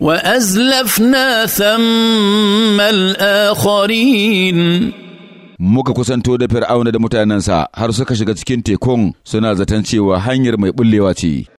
وأزلفنا ثم الآخرين muka kusanto da fir'auna da mutanensa har suka shiga cikin tekun suna zaton cewa hanyar mai bullewa ce